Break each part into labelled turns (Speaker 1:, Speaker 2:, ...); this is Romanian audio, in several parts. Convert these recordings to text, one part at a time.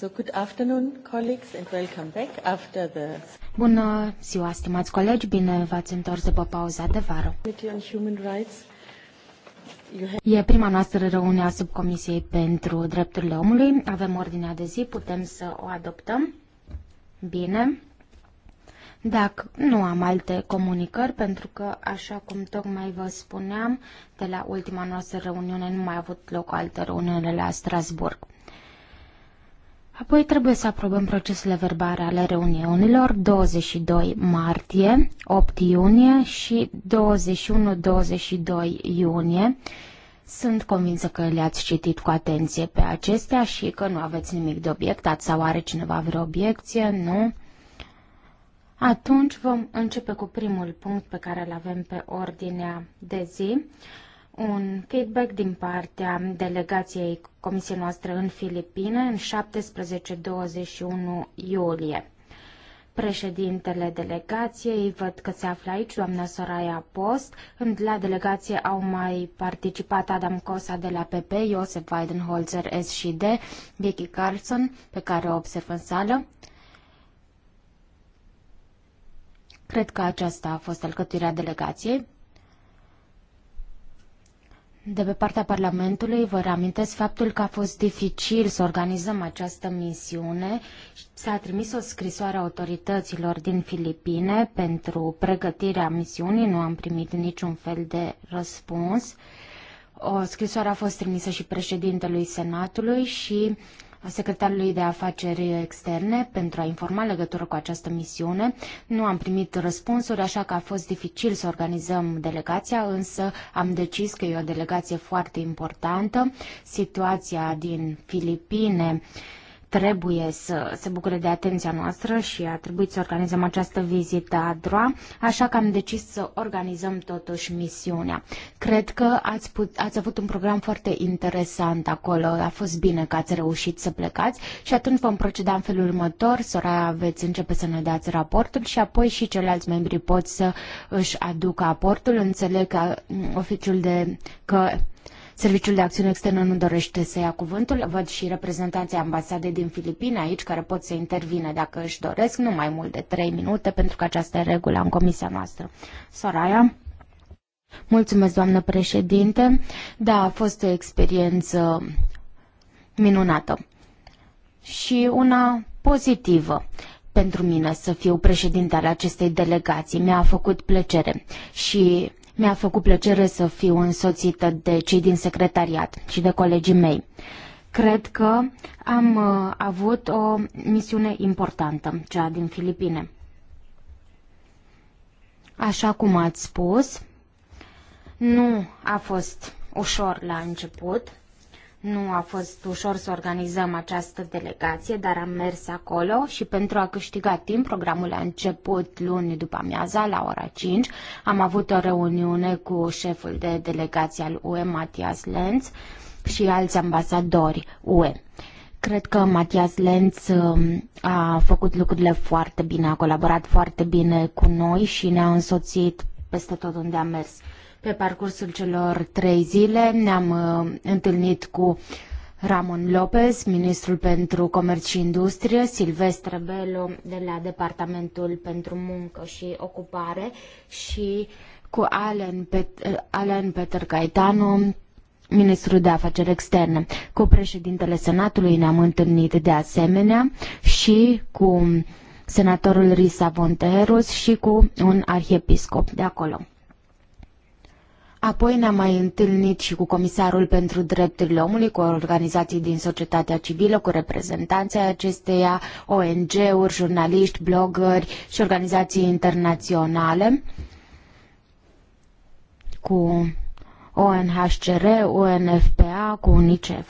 Speaker 1: So good afternoon, colleagues, and welcome back after the... Bună ziua, stimați colegi, bine v-ați întors după pauza de vară. E prima noastră reuniune a subcomisiei pentru drepturile omului. Avem ordinea de zi, putem să o adoptăm. Bine. Dacă nu am alte comunicări, pentru că, așa cum tocmai vă spuneam, de la ultima noastră reuniune nu mai a avut loc alte altă reuniune la Strasburg. Apoi trebuie să aprobăm procesele verbare ale reuniunilor 22 martie, 8 iunie și 21-22 iunie. Sunt convinsă că le-ați citit cu atenție pe acestea și că nu aveți nimic de obiectat sau are cineva vreo obiecție, nu? Atunci vom începe cu primul punct pe care îl avem pe ordinea de zi un feedback din partea delegației comisiei noastre în Filipine în 17-21 iulie. Președintele delegației, văd că se află aici doamna Soraya Post. La delegație au mai participat Adam Cosa de la PP, Josef Weidenholzer S Vicky Carlson, pe care o observ în sală. Cred că aceasta a fost alcătuirea delegației. De pe partea Parlamentului vă reamintesc faptul că a fost dificil să organizăm această misiune. S-a trimis o scrisoare a autorităților din Filipine pentru pregătirea misiunii, nu am primit niciun fel de răspuns. O scrisoare a fost trimisă și președintelui Senatului și secretarului de afaceri externe pentru a informa legătură cu această misiune. Nu am primit răspunsuri, așa că a fost dificil să organizăm delegația, însă am decis că e o delegație foarte importantă. Situația din Filipine uh, trebuie să se bucure de atenția noastră și a trebuit să organizăm această vizită a DROA, așa că am decis să organizăm totuși misiunea. Cred că ați, put, ați avut un program foarte interesant acolo, a fost bine că ați reușit să plecați și atunci vom proceda în felul următor, Soraya veți începe să ne dați raportul și apoi și ceilalți membri pot să își aducă aportul. Înțeleg că mm, oficiul de că Serviciul de Acțiune Externă nu dorește să ia cuvântul. Văd și reprezentanții ambasadei din Filipine aici care pot să intervină dacă își doresc, nu mai mult de 3 minute, pentru că aceasta e regula în comisia noastră. Soraya? Mulțumesc, doamnă președinte. Da, a fost o experiență minunată și una pozitivă pentru mine să fiu președinte al acestei delegații. Mi-a făcut plăcere și mi-a făcut plăcere să fiu însoțită de cei din secretariat și de colegii mei. Cred că am uh, avut o misiune importantă, cea din Filipine. Așa cum ați spus, nu a fost ușor la început. Nu a fost ușor să organizăm această delegație, dar am mers acolo și pentru a câștiga timp, programul a început luni după amiaza, la ora 5. Am avut o reuniune cu șeful de delegație al UE, Matias Lenz, și alți ambasadori UE. Cred că Matias Lenz um, a făcut lucrurile foarte bine, a colaborat foarte bine cu noi și ne-a însoțit peste tot unde am mers. Pe parcursul celor trei zile ne-am uh, întâlnit cu Ramon Lopez, ministrul pentru Comerț și Industrie, Silvestre Belo de la Departamentul pentru Muncă și Ocupare și cu Alan, Pet- uh, Alan Peter Caetano, ministrul de afaceri externe. Cu președintele Senatului ne-am întâlnit de asemenea și cu senatorul Risa Vonteros și cu un arhiepiscop de acolo. Apoi ne-am mai întâlnit și cu Comisarul pentru Drepturile Omului, cu organizații din societatea civilă, cu reprezentanții acesteia, ONG-uri, jurnaliști, blogări și organizații internaționale, cu ONHCR, UNFPA, cu UNICEF.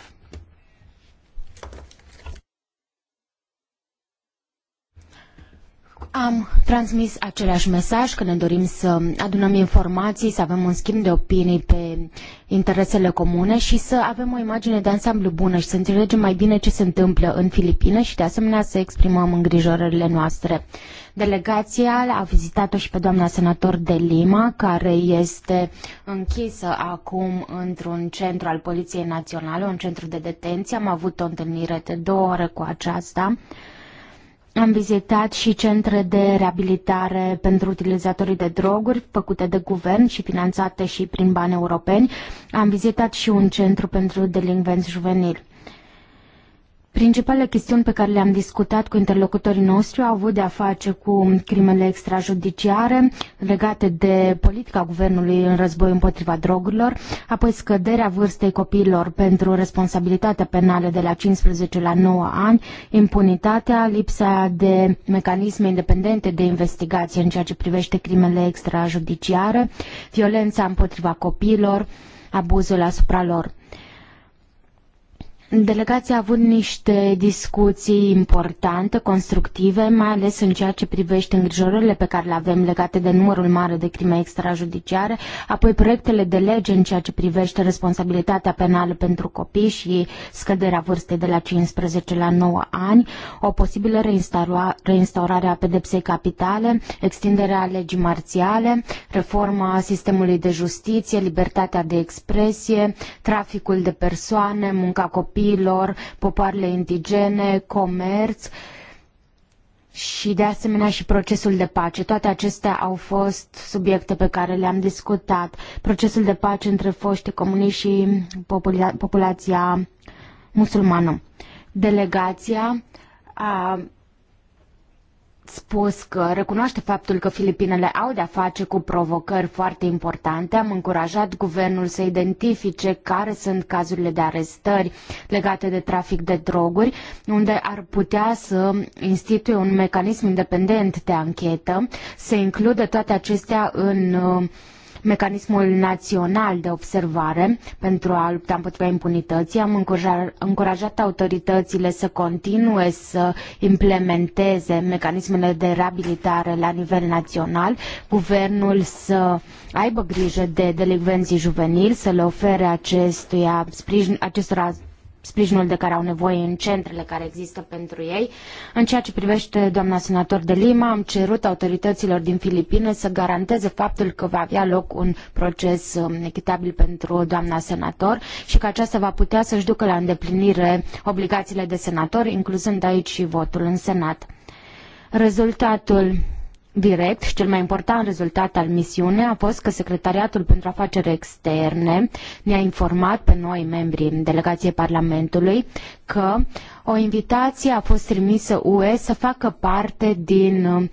Speaker 1: Am transmis același mesaj că ne dorim să adunăm informații, să avem un schimb de opinii pe interesele comune și să avem o imagine de ansamblu bună și să înțelegem mai bine ce se întâmplă în Filipine și de asemenea să exprimăm îngrijorările noastre. Delegația a vizitat-o și pe doamna senator de Lima, care este închisă acum într-un centru al Poliției Naționale, un centru de detenție. Am avut o întâlnire de două ore cu aceasta. Am vizitat și centre de reabilitare pentru utilizatorii de droguri făcute de guvern și finanțate și prin bani europeni. Am vizitat și un centru pentru delinvenți juvenili. Principalele chestiuni pe care le-am discutat cu interlocutorii noștri au avut de a face cu crimele extrajudiciare legate de politica guvernului în război împotriva drogurilor, apoi scăderea vârstei copiilor pentru responsabilitatea penală de la 15 la 9 ani, impunitatea, lipsa de mecanisme independente de investigație în ceea ce privește crimele extrajudiciare, violența împotriva copiilor, abuzul asupra lor. Delegația a avut niște discuții importante, constructive, mai ales în ceea ce privește îngrijorările pe care le avem legate de numărul mare de crime extrajudiciare, apoi proiectele de lege în ceea ce privește responsabilitatea penală pentru copii și scăderea vârstei de la 15 la 9 ani, o posibilă reinstaurare a pedepsei capitale, extinderea legii marțiale, reforma sistemului de justiție, libertatea de expresie, traficul de persoane, munca copiilor, copiilor, popoarele indigene, comerț și de asemenea și procesul de pace. Toate acestea au fost subiecte pe care le-am discutat. Procesul de pace între foști comuniști și popula- populația musulmană. Delegația a spus că recunoaște faptul că Filipinele au de-a face cu provocări foarte importante. Am încurajat guvernul să identifice care sunt cazurile de arestări legate de trafic de droguri, unde ar putea să instituie un mecanism independent de anchetă, să includă toate acestea în uh, mecanismul național de observare pentru a lupta împotriva impunității. Am încurajat autoritățile să continue să implementeze mecanismele de reabilitare la nivel național, guvernul să aibă grijă de delinvenții juvenili, să le ofere acestuia, sprijin, acestora sprijinul de care au nevoie în centrele care există pentru ei. În ceea ce privește doamna senator de Lima, am cerut autorităților din Filipine să garanteze faptul că va avea loc un proces um, echitabil pentru doamna senator și că aceasta va putea să-și ducă la îndeplinire obligațiile de senator, incluzând aici și votul în Senat. Rezultatul direct și cel mai important rezultat al misiunii a fost că Secretariatul pentru Afaceri Externe ne-a informat pe noi, membrii delegației Parlamentului, că o invitație a fost trimisă UE să facă parte din,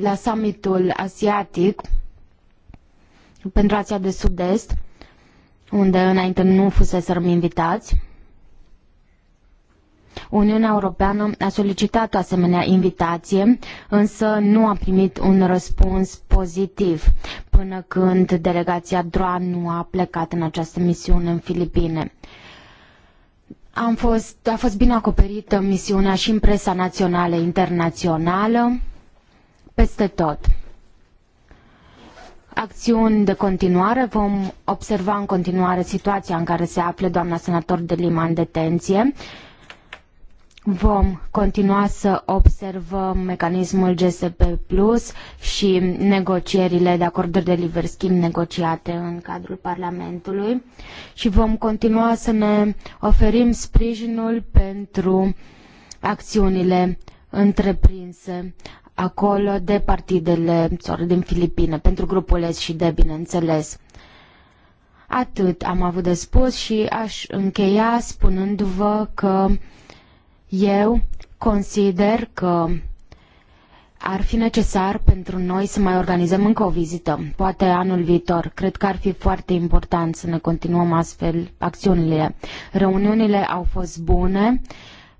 Speaker 1: la summitul asiatic pentru Asia de Sud-Est, unde înainte nu fuseserăm invitați. Uniunea Europeană a solicitat o asemenea invitație, însă nu a primit un răspuns pozitiv până când delegația DROA nu a plecat în această misiune în Filipine. Am fost, a fost bine acoperită misiunea și în presa națională, internațională, peste tot acțiuni de continuare. Vom observa în continuare situația în care se află doamna senator de Lima în detenție. Vom continua să observăm mecanismul GSP Plus și negocierile de acorduri de liber schimb negociate în cadrul Parlamentului și vom continua să ne oferim sprijinul pentru acțiunile întreprinse acolo de partidele țări din Filipine, pentru grupul S și de, bineînțeles. Atât am avut de spus și aș încheia spunându-vă că eu consider că ar fi necesar pentru noi să mai organizăm încă o vizită, poate anul viitor. Cred că ar fi foarte important să ne continuăm astfel acțiunile. Reuniunile au fost bune,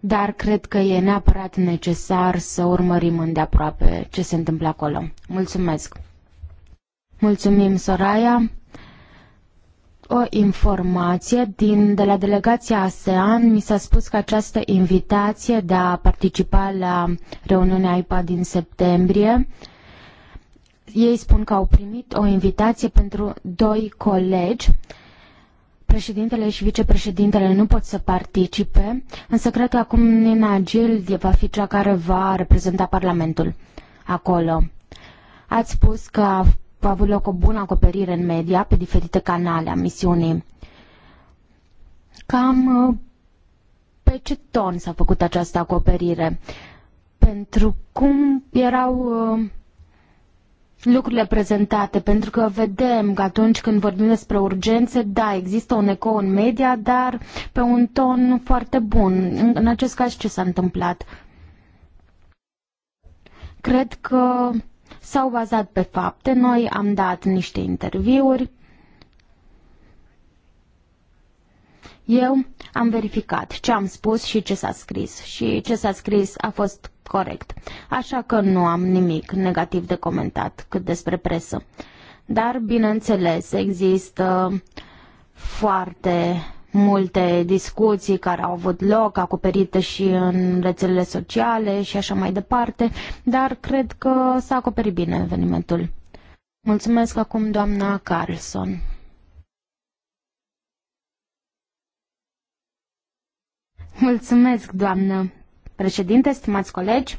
Speaker 1: dar cred că e neapărat necesar să urmărim îndeaproape ce se întâmplă acolo. Mulțumesc! Mulțumim, Soraya! o informație din, de la delegația ASEAN. Mi s-a spus că această invitație de a participa la reuniunea IPA din septembrie, ei spun că au primit o invitație pentru doi colegi președintele și vicepreședintele nu pot să participe, însă cred că acum Nina Gil va fi cea care va reprezenta Parlamentul acolo. Ați spus că a avut loc o bună acoperire în media pe diferite canale a misiunii. Cam uh, pe ce ton s-a făcut această acoperire? Pentru cum erau uh, lucrurile prezentate, pentru că vedem că atunci când vorbim despre urgențe, da, există un eco în media, dar pe un ton foarte bun. În acest caz, ce s-a întâmplat? Cred că s-au bazat pe fapte. Noi am dat niște interviuri. Eu am verificat ce am spus și ce s-a scris și ce s-a scris a fost corect. Așa că nu am nimic negativ de comentat cât despre presă. Dar, bineînțeles, există foarte multe discuții care au avut loc, acoperite și în rețelele sociale și așa mai departe, dar cred că s-a acoperit bine evenimentul. Mulțumesc acum doamna Carlson. Mulțumesc, doamnă președinte, stimați colegi.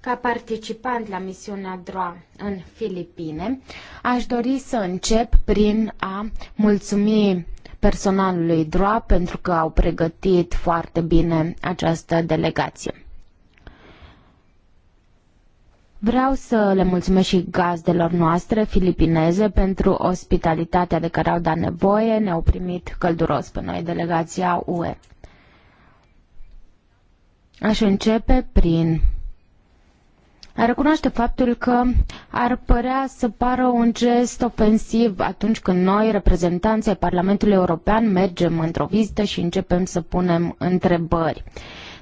Speaker 1: Ca participant la misiunea DROA în Filipine, aș dori să încep prin a mulțumi personalului DROA pentru că au pregătit foarte bine această delegație. Vreau să le mulțumesc și gazdelor noastre filipineze pentru ospitalitatea de care au dat nevoie. Ne-au primit călduros pe noi delegația UE. Aș începe prin recunoaște faptul că ar părea să pară un gest ofensiv atunci când noi, reprezentanții ai Parlamentului European, mergem într-o vizită și începem să punem întrebări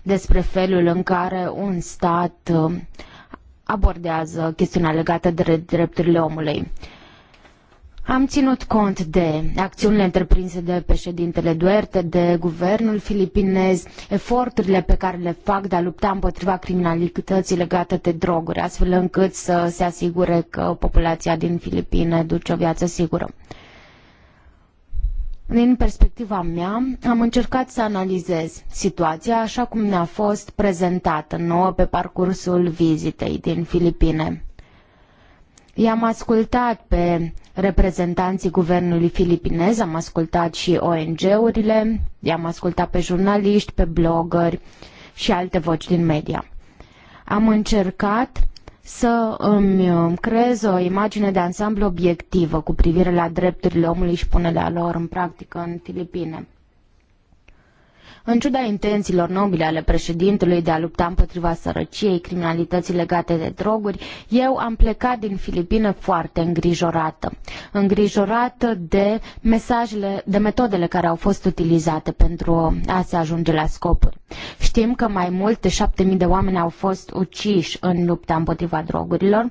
Speaker 1: despre felul în care un stat uh, abordează chestiunea legată de drepturile omului. Am ținut cont de acțiunile întreprinse de președintele Duerte, de guvernul filipinez, eforturile pe care le fac de a lupta împotriva criminalității legate de droguri, astfel încât să se asigure că populația din Filipine duce o viață sigură. Din perspectiva mea, am încercat să analizez situația așa cum ne-a fost prezentată nouă pe parcursul vizitei din Filipine. I-am ascultat pe reprezentanții guvernului filipinez, am ascultat și ONG-urile, i-am ascultat pe jurnaliști, pe blogări și alte voci din media. Am încercat să îmi uh, creez o imagine de ansamblu obiectivă cu privire la drepturile omului și punerea lor în practică în Filipine. În ciuda intențiilor nobile ale președintelui de a lupta împotriva sărăciei, criminalității legate de droguri, eu am plecat din Filipine foarte îngrijorată. Îngrijorată de mesajele, de metodele care au fost utilizate pentru a se ajunge la scopuri. Știm că mai mult de 7.000 de oameni au fost uciși în lupta împotriva drogurilor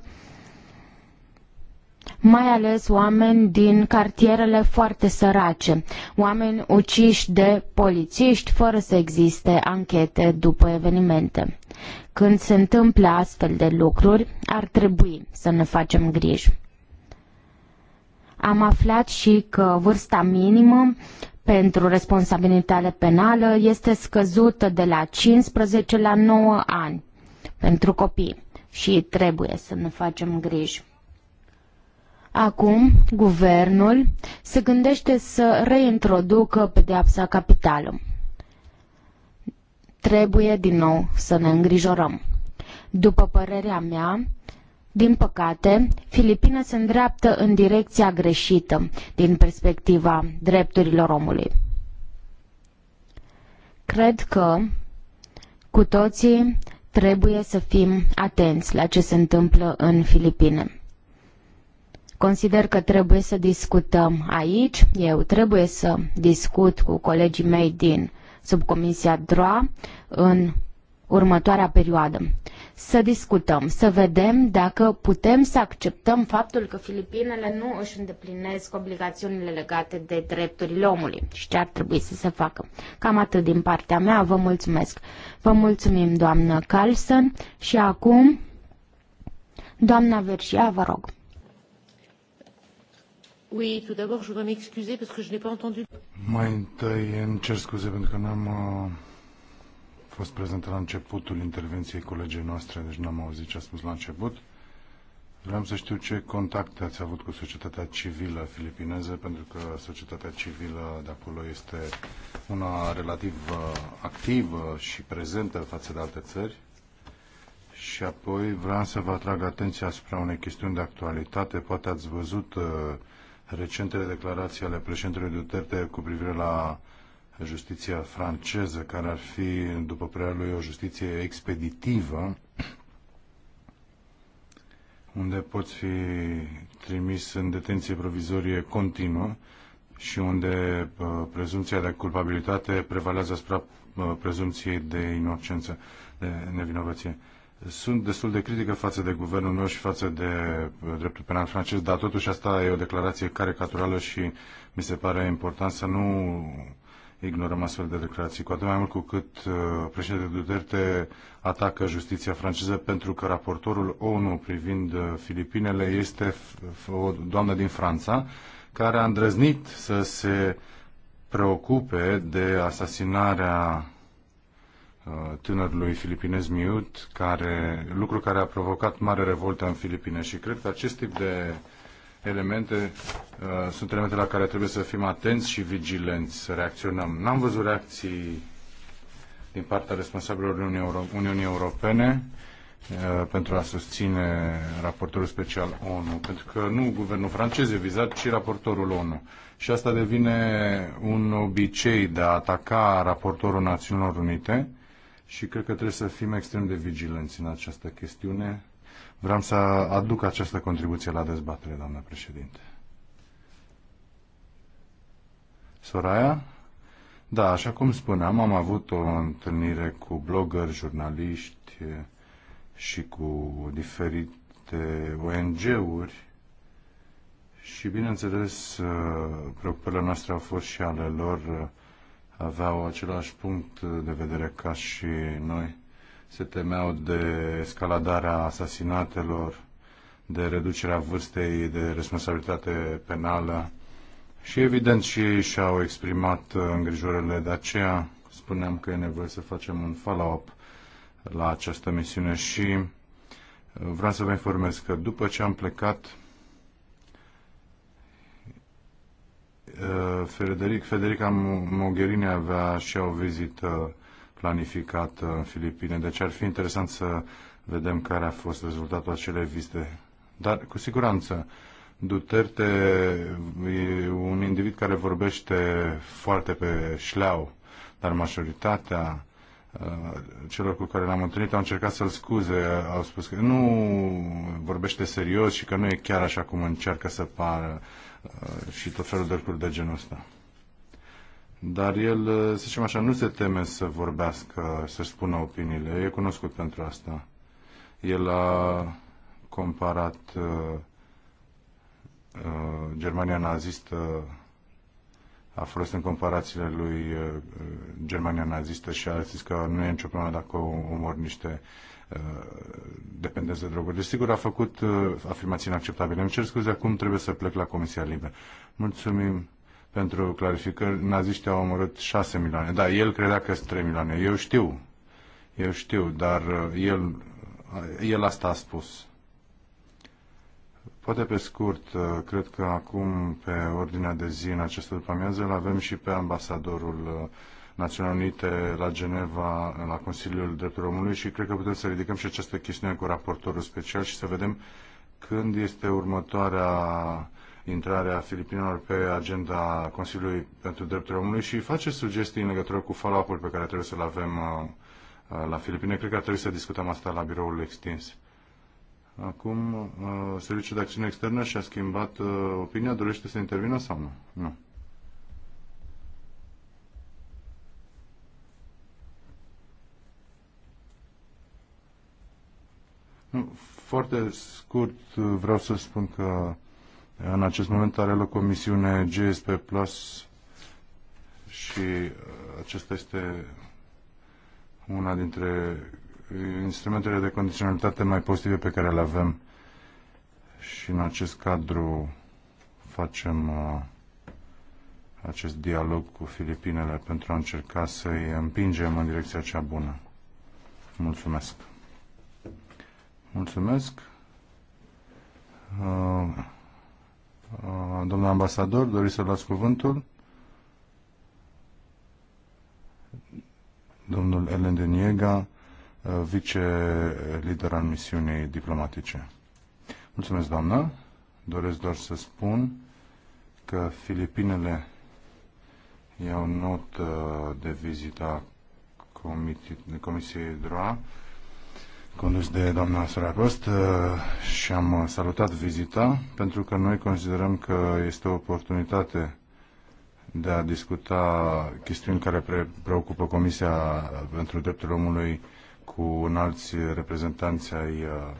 Speaker 1: mai ales oameni din cartierele foarte sărace, oameni uciși de polițiști fără să existe anchete după evenimente. Când se întâmplă astfel de lucruri, ar trebui să ne facem griji. Am aflat și că vârsta minimă pentru responsabilitate penală este scăzută de la 15 la 9 ani pentru copii și trebuie să ne facem griji. Acum, guvernul se gândește să reintroducă pedeapsa capitală. Trebuie din nou să ne îngrijorăm. După părerea mea, din păcate, Filipina se îndreaptă în direcția greșită din perspectiva drepturilor omului. Cred că cu toții trebuie să fim atenți la ce se întâmplă în Filipine. Consider că trebuie să discutăm aici, eu trebuie să discut cu colegii mei din subcomisia DROA în următoarea perioadă. Să discutăm, să vedem dacă putem să acceptăm faptul că Filipinele nu își îndeplinesc obligațiunile legate de drepturile omului și ce ar trebui să se facă. Cam atât din partea mea, vă mulțumesc. Vă mulțumim, doamnă Carlson, și acum, doamna Versia, vă rog. Oui, tout d'abord, je voudrais m'excuser parce que je n'ai pas entendu.
Speaker 2: Mai întâi îmi cer scuze pentru că n-am uh, fost prezent la începutul intervenției colegii noastre, deci n-am auzit ce a spus la început. Vreau să știu ce contacte ați avut cu societatea civilă filipineză, pentru că societatea civilă de acolo este una relativ uh, activă și prezentă față de alte țări. Și apoi vreau să vă atrag atenția asupra unei chestiuni de actualitate. Poate ați văzut uh, recentele declarații ale președintelui Duterte cu privire la justiția franceză, care ar fi, după prea lui, o justiție expeditivă, unde poți fi trimis în detenție provizorie continuă și unde uh, prezumția de culpabilitate prevalează asupra uh, prezumției de inocență, de nevinovăție sunt destul de critică față de guvernul meu și față de uh, dreptul penal francez, dar totuși asta e o declarație caricaturală și mi se pare important să nu ignorăm astfel de declarații. Cu atât mai mult cu cât uh, președintele Duterte atacă justiția franceză pentru că raportorul ONU privind uh, Filipinele este o doamnă din Franța care a îndrăznit să se preocupe de asasinarea Uh, tânărului filipinez Miut, care, lucru care a provocat mare revoltă în Filipine și cred că acest tip de elemente uh, sunt elemente la care trebuie să fim atenți și vigilenți, să reacționăm. N-am văzut reacții din partea responsabililor Uniunii, Euro- Uniunii Europene uh, pentru a susține raportorul special ONU, pentru că nu guvernul francez e vizat, ci raportorul ONU. Și asta devine un obicei de a ataca raportorul Națiunilor Unite și cred că trebuie să fim extrem de vigilenți în această chestiune. Vreau să aduc această contribuție la dezbatere, doamnă președinte. Soraya? Da, așa cum spuneam, am avut o întâlnire cu bloggeri, jurnaliști și cu diferite ONG-uri și, bineînțeles, preocupările noastre au fost și ale lor aveau același punct de vedere ca și noi. Se temeau de escaladarea asasinatelor, de reducerea vârstei de responsabilitate penală și evident și ei și-au exprimat îngrijorările. De aceea spuneam că e nevoie să facem un follow-up la această misiune și vreau să vă informez că după ce am plecat Eh, Federic, Federica Mogherini avea și o vizită planificată în Filipine, deci ar fi interesant să vedem care a fost rezultatul acelei vizite. Dar, cu siguranță, Duterte e un individ care vorbește foarte pe șleau, dar majoritatea Uh, celor cu care l-am întâlnit au încercat să-l scuze, au spus că nu vorbește serios și că nu e chiar așa cum încearcă să pară uh, și tot felul de lucruri de genul ăsta. Dar el, uh, să zicem așa, nu se teme să vorbească, să spună opiniile. E cunoscut pentru asta. El a comparat uh, uh, Germania nazistă a fost în comparațiile lui uh, uh, Germania nazistă și a zis că nu e nicio problemă dacă omor niște uh, dependenți de droguri. Desigur, deci, a făcut afirmații inacceptabile. Îmi cer scuze, acum trebuie să plec la Comisia Liberă. Mulțumim pentru clarificări. Naziștii au omorât 6 milioane. Da, el credea că sunt 3 milioane. Eu știu. Eu știu, dar el, el asta a spus. Poate pe scurt, uh, cred că acum pe ordinea de zi în această după-amiază îl avem și pe ambasadorul uh, Națiunilor Unite la Geneva, la Consiliul Drepturilor Omului și cred că putem să ridicăm și această chestiune cu raportorul special și să vedem când este următoarea intrare a Filipinelor pe agenda Consiliului pentru Drepturile Omului și face sugestii în legătură cu follow-up-ul pe care trebuie să-l avem uh, la Filipine. Cred că ar trebui să discutăm asta la biroul extins. Acum, uh, Serviciul de Acțiune Externă și-a schimbat uh, opinia, dorește să intervină sau nu? Nu. nu foarte scurt uh, vreau să spun că în acest moment are loc o misiune GSP Plus și acesta este una dintre instrumentele de condiționalitate mai pozitive pe care le avem și în acest cadru facem uh, acest dialog cu Filipinele pentru a încerca să-i împingem în direcția cea bună. Mulțumesc! Mulțumesc! Uh, domnul ambasador, doriți să luați cuvântul? Domnul Ellen de Niega, vice-lider al misiunii diplomatice. Mulțumesc, doamnă. Doresc doar să spun că Filipinele iau notă de vizita Comisiei DROA condus de doamna Săracost uh, și am uh, salutat vizita pentru că noi considerăm că este o oportunitate de a discuta chestiuni care preocupă Comisia uh, pentru Drepturile Omului cu înalți reprezentanți ai uh,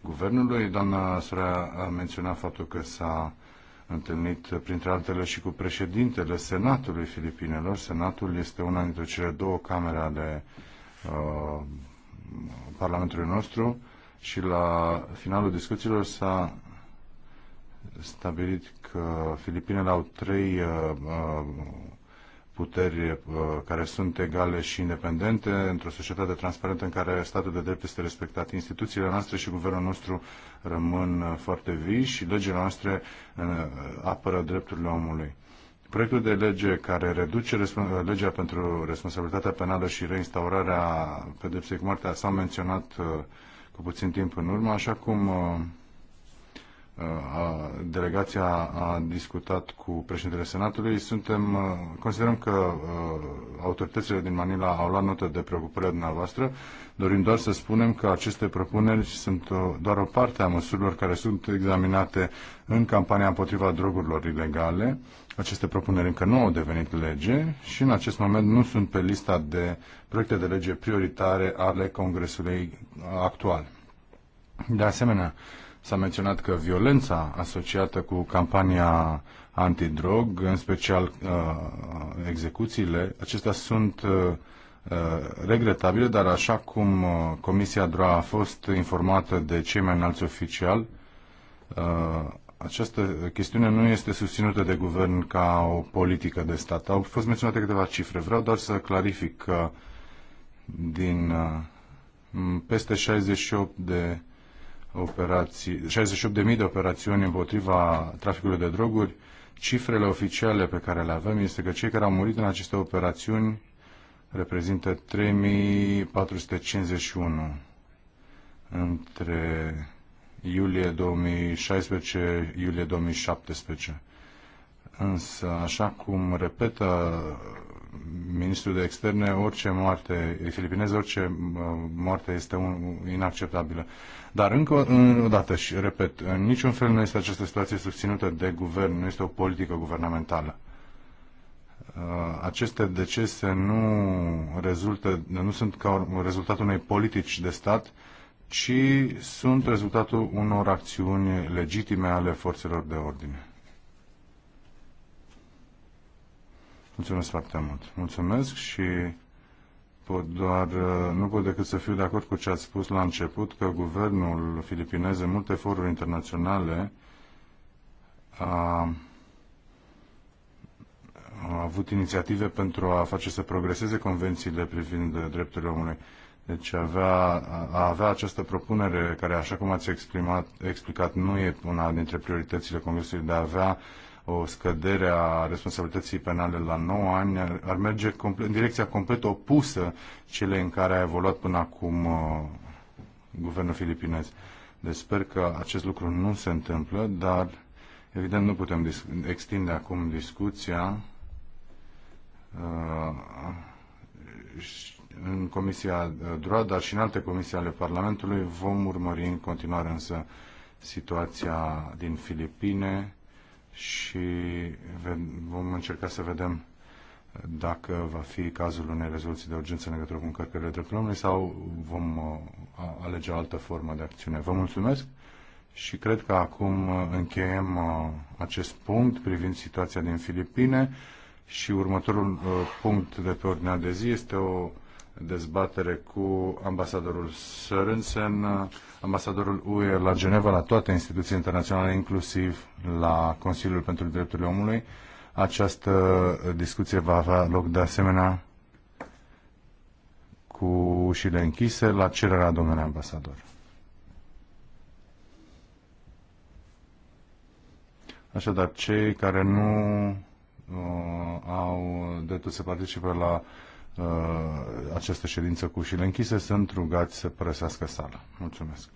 Speaker 2: guvernului. Doamna Sorea a menționat faptul că s-a întâlnit, uh, printre altele, și cu președintele Senatului Filipinelor. Senatul este una dintre cele două camere ale uh, Parlamentului nostru și la finalul discuțiilor s-a stabilit că Filipinele au trei uh, puteri uh, care sunt egale și independente, într-o societate transparentă în care statul de drept este respectat. Instituțiile noastre și guvernul nostru rămân uh, foarte vii și legile noastre uh, apără drepturile omului. Proiectul de lege care reduce legea pentru responsabilitatea penală și reinstaurarea pedepsei cu moartea s-a menționat cu puțin timp în urmă, așa cum delegația a discutat cu președintele Senatului. Suntem, considerăm că autoritățile din Manila au luat notă de preocupările dumneavoastră. Dorim doar să spunem că aceste propuneri sunt doar o parte a măsurilor care sunt examinate în campania împotriva drogurilor ilegale. Aceste propuneri încă nu au devenit lege și în acest moment nu sunt pe lista de proiecte de lege prioritare ale Congresului actual. De asemenea, S-a menționat că violența asociată cu campania antidrog, în special uh, execuțiile, acestea sunt uh, uh, regretabile, dar așa cum uh, Comisia DRA a fost informată de cei mai înalți oficiali, uh, această chestiune nu este susținută de guvern ca o politică de stat. Au fost menționate câteva cifre. Vreau doar să clarific că din uh, peste 68 de operații, 68.000 de operațiuni împotriva traficului de droguri. Cifrele oficiale pe care le avem este că cei care au murit în aceste operațiuni reprezintă 3451 între iulie 2016 iulie 2017. Însă, așa cum repetă ministrul de externe, orice moarte filipinez, orice uh, moarte este un, inacceptabilă. Dar încă o dată și repet, în niciun fel nu este această situație susținută de guvern, nu este o politică guvernamentală. Uh, aceste decese nu, rezultă, nu sunt ca rezultatul unei politici de stat, ci sunt rezultatul unor acțiuni legitime ale forțelor de ordine. Mulțumesc foarte mult. Mulțumesc și pot doar, uh, nu pot decât să fiu de acord cu ce ați spus la început, că guvernul filipinez în multe foruri internaționale a, a avut inițiative pentru a face să progreseze convențiile privind drepturile omului. Deci avea, a avea această propunere, care, așa cum ați exprimat, explicat, nu e una dintre prioritățile Congresului, de a avea o scădere a responsabilității penale la 9 ani ar merge complet, în direcția complet opusă cele în care a evoluat până acum uh, guvernul filipinez. Deci sper că acest lucru nu se întâmplă, dar evident nu putem extinde acum discuția uh, în Comisia uh, DROA, dar și în alte comisii ale Parlamentului. Vom urmări în continuare însă situația din Filipine și vom încerca să vedem dacă va fi cazul unei rezoluții de urgență în legătură cu încărcările drepturilor omului sau vom uh, alege o altă formă de acțiune. Vă mulțumesc și cred că acum uh, încheiem uh, acest punct privind situația din Filipine și următorul punct de pe ordinea de zi este o dezbatere cu ambasadorul Sörensen, ambasadorul UE la Geneva, la toate instituțiile internaționale, inclusiv la Consiliul pentru Drepturile Omului. Această discuție va avea loc de asemenea cu ușile închise la cererea domnului ambasador. Așadar, cei care nu uh, au dreptul să participe la Uh, această ședință cu ușile închise, sunt rugați să părăsească sala. Mulțumesc!